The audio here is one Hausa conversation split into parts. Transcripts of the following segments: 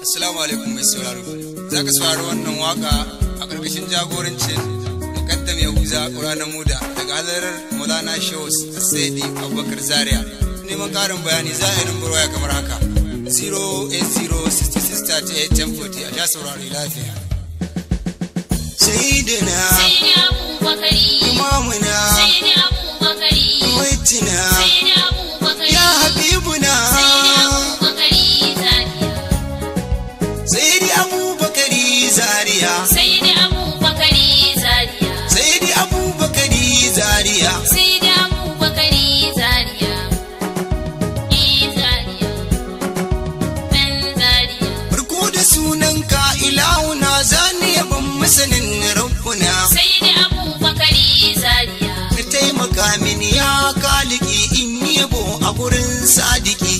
Assalamu alaikum mai sauraro. Za ka saurari wannan waka a ƙarƙashin jagorancin mukaddam Yahuza Ƙuranar Muda daga halarar Maulana a Saidi Abubakar Zaria. Neman ƙarin bayani za a yi numbar waya kamar haka. 08066381040 a ja saurari lafiya. Sayyidina Imamuna Sayyidina Abubakar Sayyidina sadiki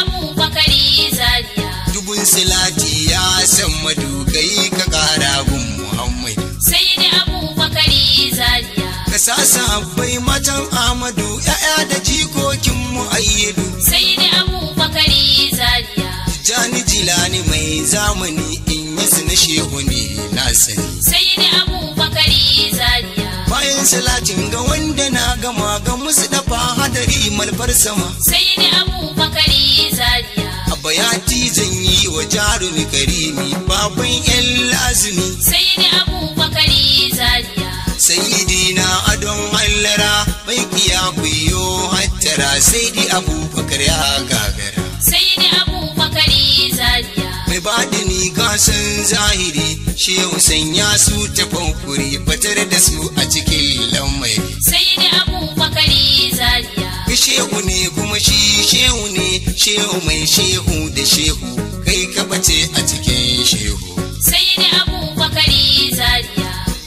abu bakari zaliya. dubun silati ya san madugai ka kara gun muhammad abu abubakari zaliya. ka sasa abai matan amadu ya'ya da jikokin mu mu'ayyidu abu abubakari zaliya. jani jilani mai zamani in yi su na shehu ne na sani abu abubakari zaliya. bayan salatin gan malfar sama sai ni bakari zariya abba ya ti zan yi wa jarumi karimi baban yan lazimi sai ni bakari zariya na adon allara mai kiya kuyo hattara sai di abubakar ya gagara sai ni bakari zariya mai ni gasan zahiri shehu sanya su ta fankuri batar da su a cikin shehu mai shehu da shehu kai ka bace a cikin shehu sai da abubakari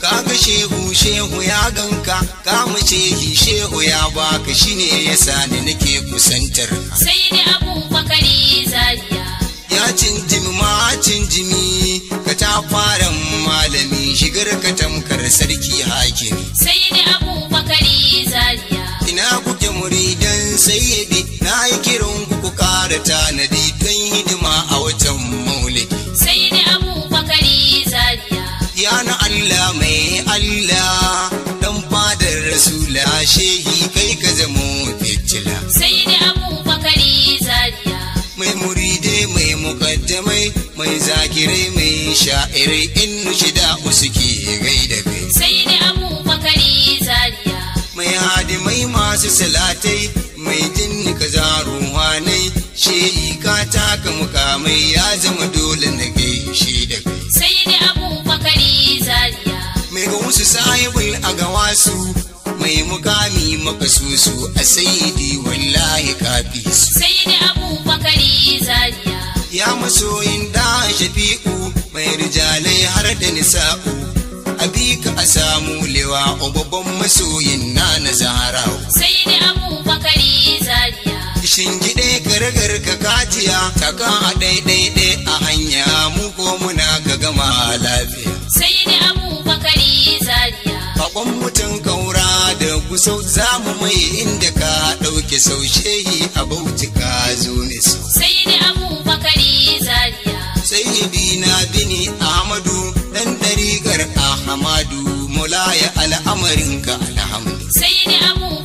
Ka ga shehu shehu ya ganka ka shehi shehu ya baka shine yasa ni nake kusantar sai abu abubakari zariya. ya cinjimi ma cinjimi ka ta fara malami shigar ka tamkar sarki hakimi sai abu abubakari zariya. ina kuke muridan sayyid sidi abubakari zariya. mai muridai mai mukaddamai mai zakirai mai sha'irai in shida suke da kai sidi abubakari zariya. mai hadimai masu salatai mai jinni kaza ruhanai shehi ka taka mukamai ya zama dole na gaishe da kai sai da abubakari zaria mai ga wasu sahibin a gawasu mai mukami maka susu a sayidi wallahi kafi su sayidi abubakari zaria ya masoyin da shafi'u mai rijalai har da nisa'u ka a samu lewa babban masoyin na na zahara sayidi abubakari zaria shingide gargar ka kaciya taka a ɗaiɗaiɗai a hanya mu ko muna ga gama lafiya so za mu mai inda ka ɗauke sau shehi a bauti ka zo ne so. Sai ni abubakari zariya. Sayyidi na bini Ahmadu ɗan ɗarigar Ahmadu mulaya al'amarin ka alhamdu. Sayyidi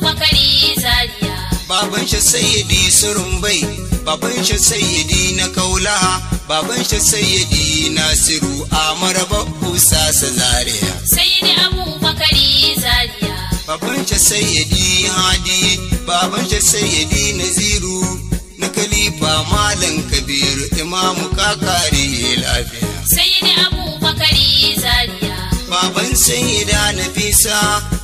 bakari zariya. Baban shi sayyidi surumbai, baban shi sayyidi na kaulaha, baban shi sayyidi Nasiru Amara Babbu Sasa Zaria. sayyadi hadi baban shi sayyadi naziru na kalifa malam kabiru imamu kakari lafiya sayyidi abubakari zaria baban sayyida nafisa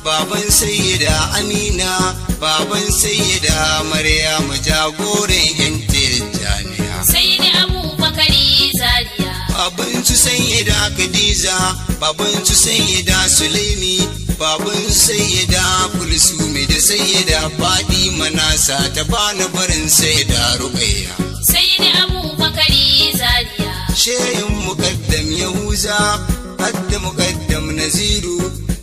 baban sayyida amina baban sayyida maryama jagoran yan tijjaniya sayyidi abubakari zaria baban su sayyida khadija baban su sayyida sulaimi baban sayyida sai da faɗi manasa ta bani barin sai da ruɓaya. Sai da abubakari zariya. Shehin muƙaddam Yahuza, hadda muƙaddam Naziru,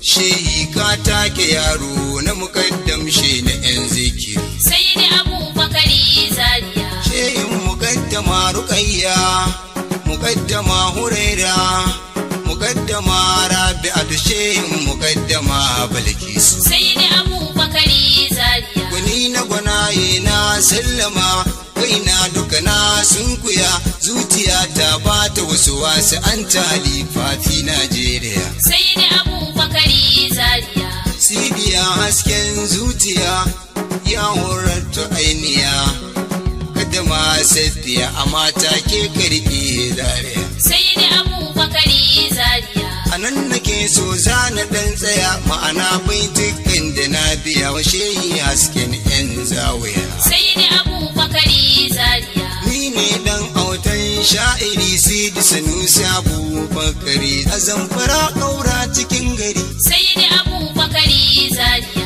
shehi ka take yaro na muƙaddam she na ‘yan zikiri. Sai da abubakari zariya. Shehin muƙaddama Rukayya, muƙaddama huraira, muƙaddama rabi'atu shehin muƙaddama balkisu. Sai da abubakari na gwanaye na sallama kaina duka na sunkuya zuciya ta bata wasu wasu an ta halifafi Najeriya. Sai abu bakari zariya. Sibiya hasken zuciya ya horar ta ainiya. Kada ma safiya a mata ke zariya. Sai abu bakari zariya. A nan nake so zana ɗan tsaya ma'ana bai da na biya wa shehi hasken yan zawiya sai ni abubakari zaria ni ne dan autan sha'iri sidi sanusi abubakari a zamfara ɗaura cikin gari sai ni abubakari zaria